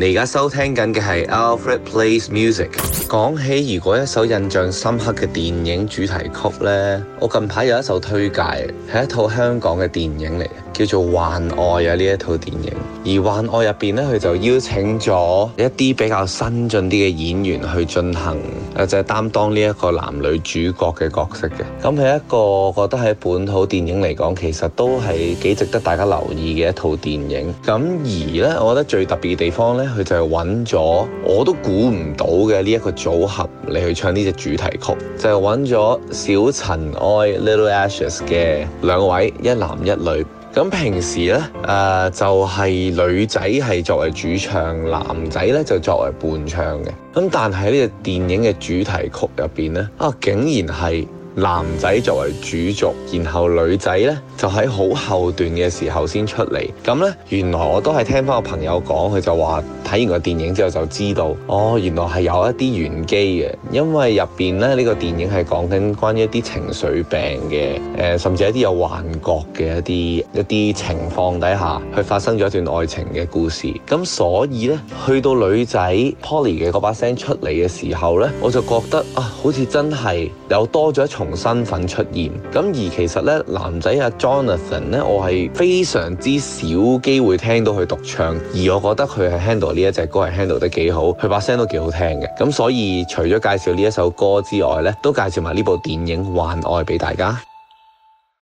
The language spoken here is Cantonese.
你而家收聽緊嘅係 Alfred Plays Music。講起如果一首印象深刻嘅電影主題曲咧，我近排有一首推介，係一套香港嘅電影嚟，叫做《幻愛》啊呢一套電影。而《幻愛》入邊咧，佢就邀請咗一啲比較新晉啲嘅演員去進行，誒就係、是、擔當呢一個男女主角嘅角色嘅。咁係一個我覺得喺本土電影嚟講，其實都係幾值得大家留意嘅一套電影。咁而咧，我覺得最特別嘅地方咧，佢就係揾咗我都估唔到嘅呢一個組合嚟去唱呢隻主題曲，就係揾咗小塵埃 （Little Ashes） 嘅兩位一男一女。咁平時呢，誒、呃、就係、是、女仔係作為主唱，男仔咧就作為伴唱嘅。咁但係呢隻電影嘅主題曲入邊呢，啊竟然係男仔作為主軸，然後女仔呢就喺好後段嘅時候先出嚟。咁呢，原來我都係聽返個朋友講，佢就話。睇完個電影之後就知道，哦，原來係有一啲玄機嘅，因為入邊咧呢個電影係講緊關於一啲情緒病嘅，誒、呃、甚至一啲有幻覺嘅一啲一啲情況底下，佢發生咗一段愛情嘅故事。咁所以咧，去到女仔 Polly 嘅把聲出嚟嘅時候咧，我就覺得啊，好似真係有多咗一重身份出現，咁而其實咧，男仔阿 Jonathan 咧，我係非常之少機會聽到佢獨唱，而我覺得佢係 handle。呢一隻歌係 handle 得幾好，佢把聲都幾好聽嘅，咁所以除咗介紹呢一首歌之外咧，都介紹埋呢部電影《幻愛》俾大家。